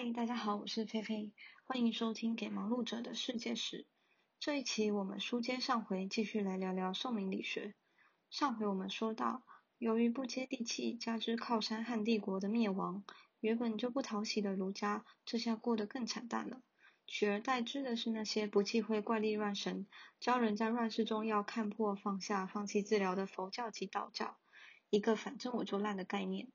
嗨，Hi, 大家好，我是菲菲，歡迎收聽《給忙碌者的世界史》。這一期我們書接上回，繼續來聊聊宋明理學。上回我們說到，由於不接地氣，加之靠山漢帝國的滅亡，原本就不討喜的儒家，這下過得更慘淡了。取而代之的是那些不忌諱怪力亂神、教人在亂世中要看破放下、放棄治療的佛教及道教，一個反正我就爛的概念。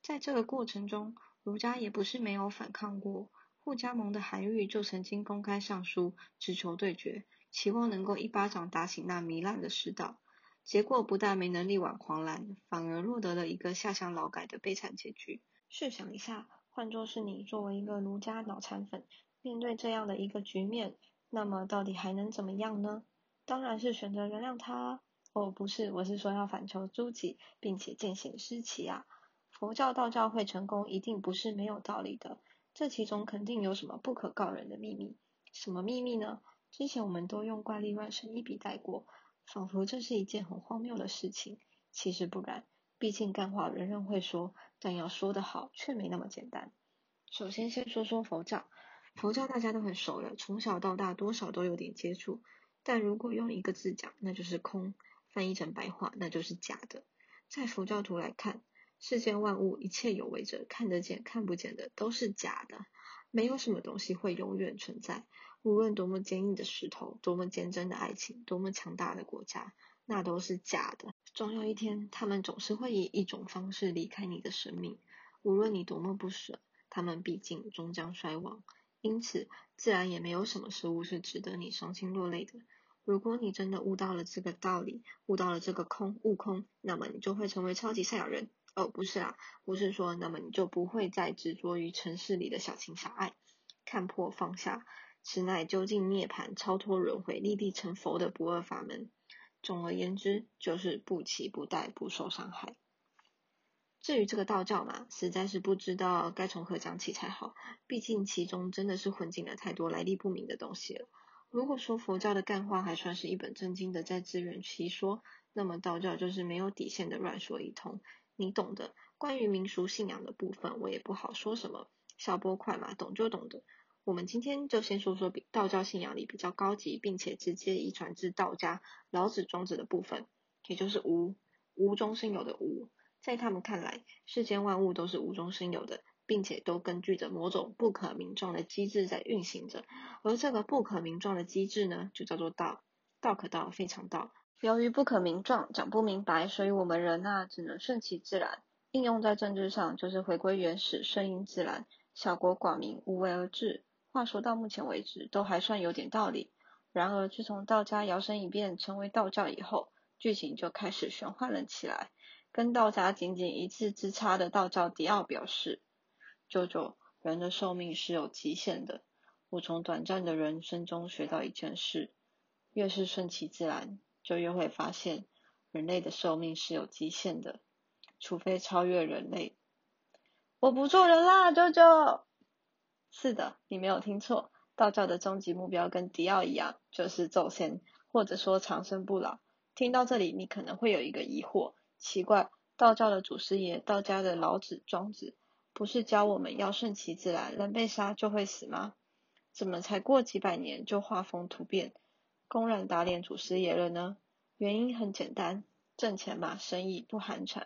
在這個過程中，儒家也不是沒有反抗過，護家盟的韓愈就曾經公開上書，只求對決，期望能夠一巴掌打醒那糜爛的世道。結果不但沒能力挽狂瀾，反而落得了一個下鄉勞改的悲慘結局。試想一下，換作是你作為一個儒家腦殘粉，面對這樣的一個局面，那麼到底還能怎麼樣呢？當然是選擇原諒他啊。哦，不是，我是說要反求諸己，並且見賢思齊啊。佛教、道教會成功，一定不是沒有道理的。這其中肯定有什麼不可告人的秘密。什麼秘密呢？之前我們都用怪力亂神一筆帶過，仿佛這是一件很荒謬的事情。其實不然，畢竟幹話人人會說，但要說得好，卻沒那麼簡單。首先，先說說佛教。佛教大家都很熟了，從小到大多少都有點接觸。但如果用一個字講，那就是空。翻譯成白話，那就是假的。在佛教徒來看，世間萬物，一切有為者，看得見、看不見的，都是假的，沒有什麼東西會永遠存在。無論多麼堅硬的石頭，多麼堅貞的愛情，多麼強大的國家，那都是假的。終有一天，他們總是會以一種方式離開你的生命。無論你多麼不捨，他們畢竟終將衰亡。因此，自然也沒有什麼事物是值得你傷心落淚的。如果你真的悟到了這個道理，悟到了這個空悟空，那麼你就會成為超級賽亞人。哦，不是啊，我是說，那麼你就不會再執着於城市裡的小情小愛，看破放下，此乃究竟涅盤、超脫輪迴、立地成佛的不二法門。總而言之，就是不期不待，不受傷害。至於這個道教嘛，實在是不知道該從何講起才好，畢竟其中真的是混進了太多來歷不明的東西了。如果說佛教的幹話還算是一本正經的在自圓其說，那麼道教就是沒有底線的亂說一通。你懂的，關於民俗信仰的部分，我也不好說什麼。小波快嘛，懂就懂的。我們今天就先說說道教信仰裡比較高級，並且直接遺傳至道家老子莊子的部分，也就是無無中生有的無。在他們看來，世間萬物都是無中生有的，並且都根據着某種不可名狀的機制在運行着。而這個不可名狀的機制呢，就叫做道。道可道，非常道。由於不可名狀，講不明白，所以我們人啊只能順其自然。應用在政治上，就是回歸原始，順應自然，小國寡民，無為而治。話說到目前為止，都還算有點道理。然而，自從道家搖身一變成為道教以後，劇情就開始玄幻了起來。跟道家僅僅一字之差的道教，迪奧表示：“舅舅，人的壽命是有極限的。我從短暫的人生中學到一件事，越是順其自然。”就越會發現，人類的壽命是有極限的，除非超越人類。我不做人啦，JOJO！是的，你沒有聽錯，道教的終極目標跟迪奧一樣，就是成仙，或者說長生不老。聽到這裡，你可能會有一個疑惑：奇怪，道教的祖師爺道家的老子、莊子，不是教我們要順其自然，人被殺就會死嗎？怎麼才過幾百年就畫風突變？公然打臉祖師爺了呢？原因很簡單，掙錢嘛，生意不寒磣。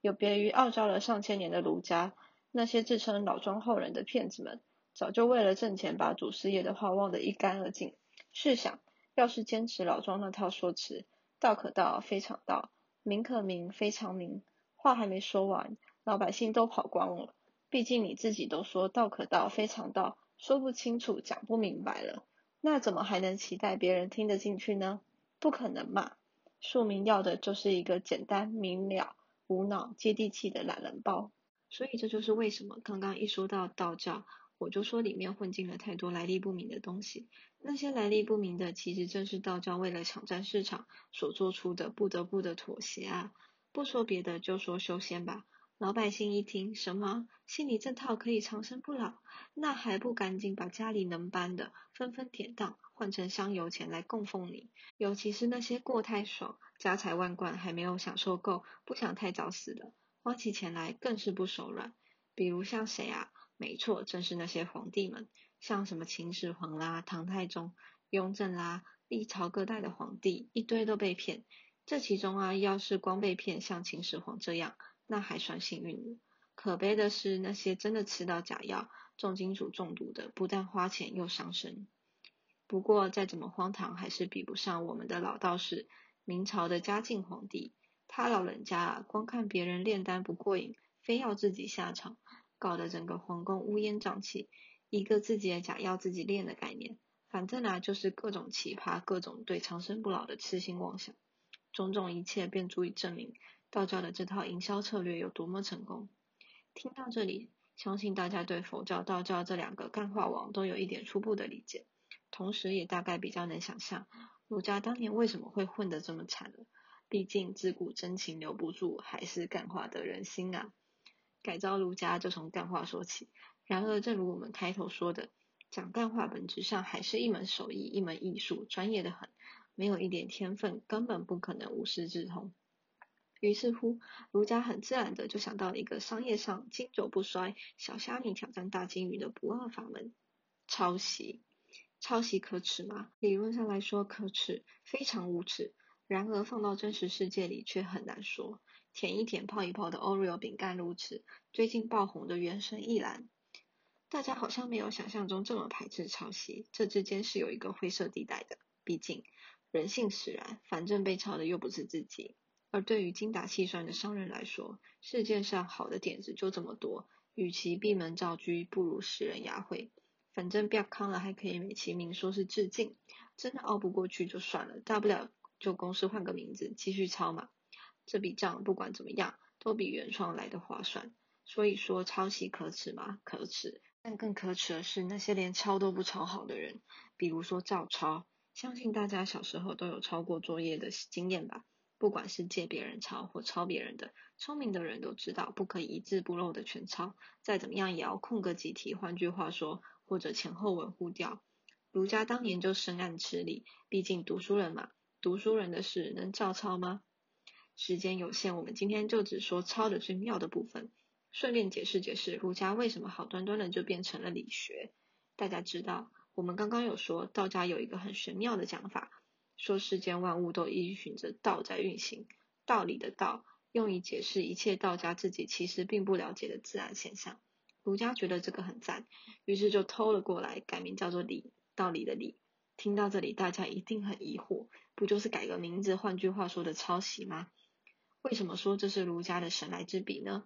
有別於傲嬌了上千年的儒家，那些自稱老莊後人的騙子們，早就為了掙錢把祖師爺的話忘得一乾二淨。試想，要是堅持老莊那套說辭，道可道，非常道，名可名，非常名，話還沒說完，老百姓都跑光了。畢竟你自己都說道可道，非常道，說不清楚，講不明白了。那怎麼還能期待別人聽得進去呢？不可能嘛！庶民要的就是一個簡單明了、無腦、接地氣的懶人包。所以這就是為什麼剛剛一說到道教，我就說裡面混進了太多來歷不明的東西。那些來歷不明的，其實正是道教為了搶佔市場所做出的不得不的妥協啊！不說別的，就說修仙吧。老百姓一聽，什麼信你這套可以長生不老？那還不趕緊把家裡能搬的紛紛典當，換成香油錢來供奉你？尤其是那些過太爽、家財萬貫還沒有享受夠，不想太早死的，花起錢來更是不手軟。比如像誰啊？沒錯，正是那些皇帝們，像什麼秦始皇啦、唐太宗、雍正啦，歷朝各代的皇帝，一堆都被騙。這其中啊，要是光被騙，像秦始皇這樣。那還算幸運了。可悲的是，那些真的吃到假藥、重金屬中毒的，不但花錢又傷身。不過再怎麼荒唐，還是比不上我們的老道士。明朝的嘉靖皇帝，他老人家啊，光看別人煉丹不過癮，非要自己下場，搞得整個皇宮烏煙瘴氣。一個自己的假藥自己煉的概念，反正啊，就是各種奇葩，各種對長生不老的痴心妄想。種種一切，便足以證明。道教的這套營銷策略有多麼成功？聽到這裡，相信大家對佛教、道教這兩個幹話王都有一點初步的理解，同時也大概比較能想象儒家當年為什麼會混得這麼慘了。畢竟自古真情留不住，還是幹話得人心啊！改造儒家就從幹話說起。然而，正如我們開頭說的，講幹話本質上還是一門手藝，一門藝術，專業得很，沒有一點天分，根本不可能無師自通。於是乎，儒家很自然的就想到了一個商業上經久不衰“小蝦米挑戰大鯨魚”的不二法門——抄襲。抄襲可恥嗎？理論上來說可恥，非常無恥。然而放到真實世界裡卻很難說。舔一舔、泡一泡的 Oreo 餅乾如此，最近爆紅的原神一覽，大家好像沒有想象中這麼排斥抄襲。這之間是有一個灰色地帶的，畢竟人性使然，反正被抄的又不是自己。而對於精打細算的商人來說，世界上好的點子就這麼多，與其閉門造車，不如拾人牙慧。反正被康了還可以美其名說是致敬，真的熬不過去就算了，大不了就公司換個名字繼續抄嘛。這筆賬不管怎麼樣都比原創來的划算，所以說抄襲可恥嗎？可恥。但更可恥的是那些連抄都不抄好的人，比如說照抄。相信大家小時候都有抄過作業的經驗吧。不管是借別人抄或抄別人的，聰明的人都知道，不可以一字不漏的全抄，再怎麼樣也要空個幾題，換句話說，或者前後文互調。儒家當年就深諳此理，畢竟讀書人嘛，讀書人的事能照抄嗎？時間有限，我們今天就只說抄的最妙的部分，順便解釋解釋儒家為什麼好端端的就變成了理學。大家知道，我們剛剛有說道家有一個很玄妙的講法。說世間萬物都依循着道在運行，道理的道，用以解釋一切道家自己其實並不了解的自然現象。儒家覺得這個很讚，於是就偷了過來，改名叫做理，道理的理。聽到這裡，大家一定很疑惑，不就是改個名字，換句話說的抄襲嗎？為什麼說這是儒家的神來之筆呢？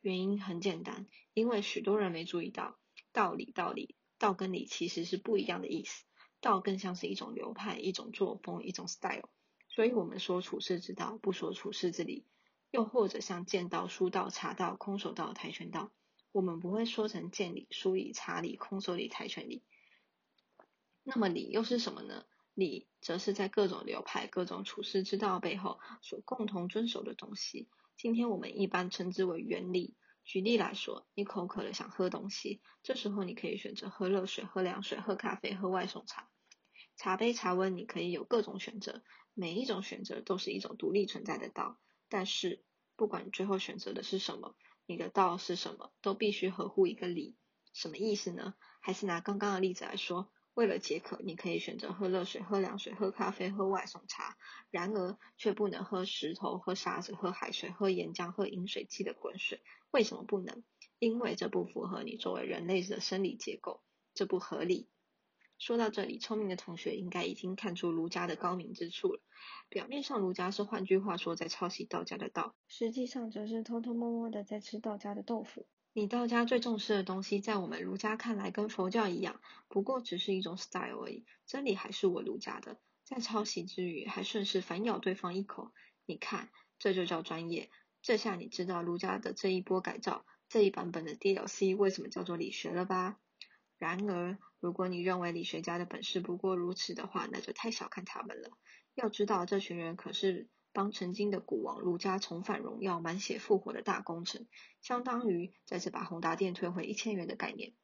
原因很簡單，因為許多人沒注意到，道理、道理、道跟理其實是不一樣的意思。道更像是一種流派、一種作風、一種 style，所以，我們說處世之道，不說處世之理。又或者像劍道、書道、茶道、空手道、跆拳道，我們不會說成劍理、書理、茶理、空手理、跆拳理。那麼理又是什麼呢？理則是在各種流派、各種處世之道背後所共同遵守的東西。今天我們一般稱之為原理。舉例來說，你口渴了想喝東西，這時候你可以選擇喝熱水、喝涼水、喝咖啡、喝外送茶。茶杯茶溫，你可以有各種選擇，每一種選擇都是一種獨立存在的道。但是，不管你最後選擇的是什麼，你的道是什麼，都必須合乎一個理。什麼意思呢？還是拿剛剛的例子來說，為了解渴，你可以選擇喝熱水、喝涼水、喝咖啡、喝外送茶，然而卻不能喝石頭、喝沙子、喝海水、喝岩漿、喝飲水機的滾水。為什麼不能？因為這不符合你作為人類的生理結構，這不合理。說到這裡，聰明的同學應該已經看出儒家的高明之處了。表面上儒家是換句話說在抄襲道家的道，實際上則是偷偷摸摸的在吃道家的豆腐。你道家最重視的東西，在我們儒家看來跟佛教一樣，不過只是一種 style 而已，真理還是我儒家的。在抄襲之餘，還順勢反咬對方一口，你看，這就叫專業。這下你知道儒家的這一波改造，這一版本的 DLC 為什麼叫做理學了吧？然而。如果你認為理學家的本事不過如此的話，那就太小看他們了。要知道，這群人可是幫曾經的股王儒家重返榮耀、滿血復活的大功臣，相當於再次把宏達電推回一千元的概念。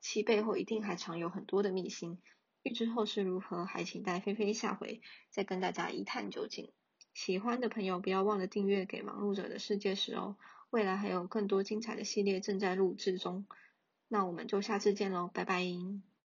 其背後一定還藏有很多的秘辛。欲知後事如何，還請待菲菲下回再跟大家一探究竟。喜歡的朋友不要忘了訂閱給忙碌者的世界史哦。未來還有更多精彩的系列正在錄製中。那我們就下次見嘍，拜拜。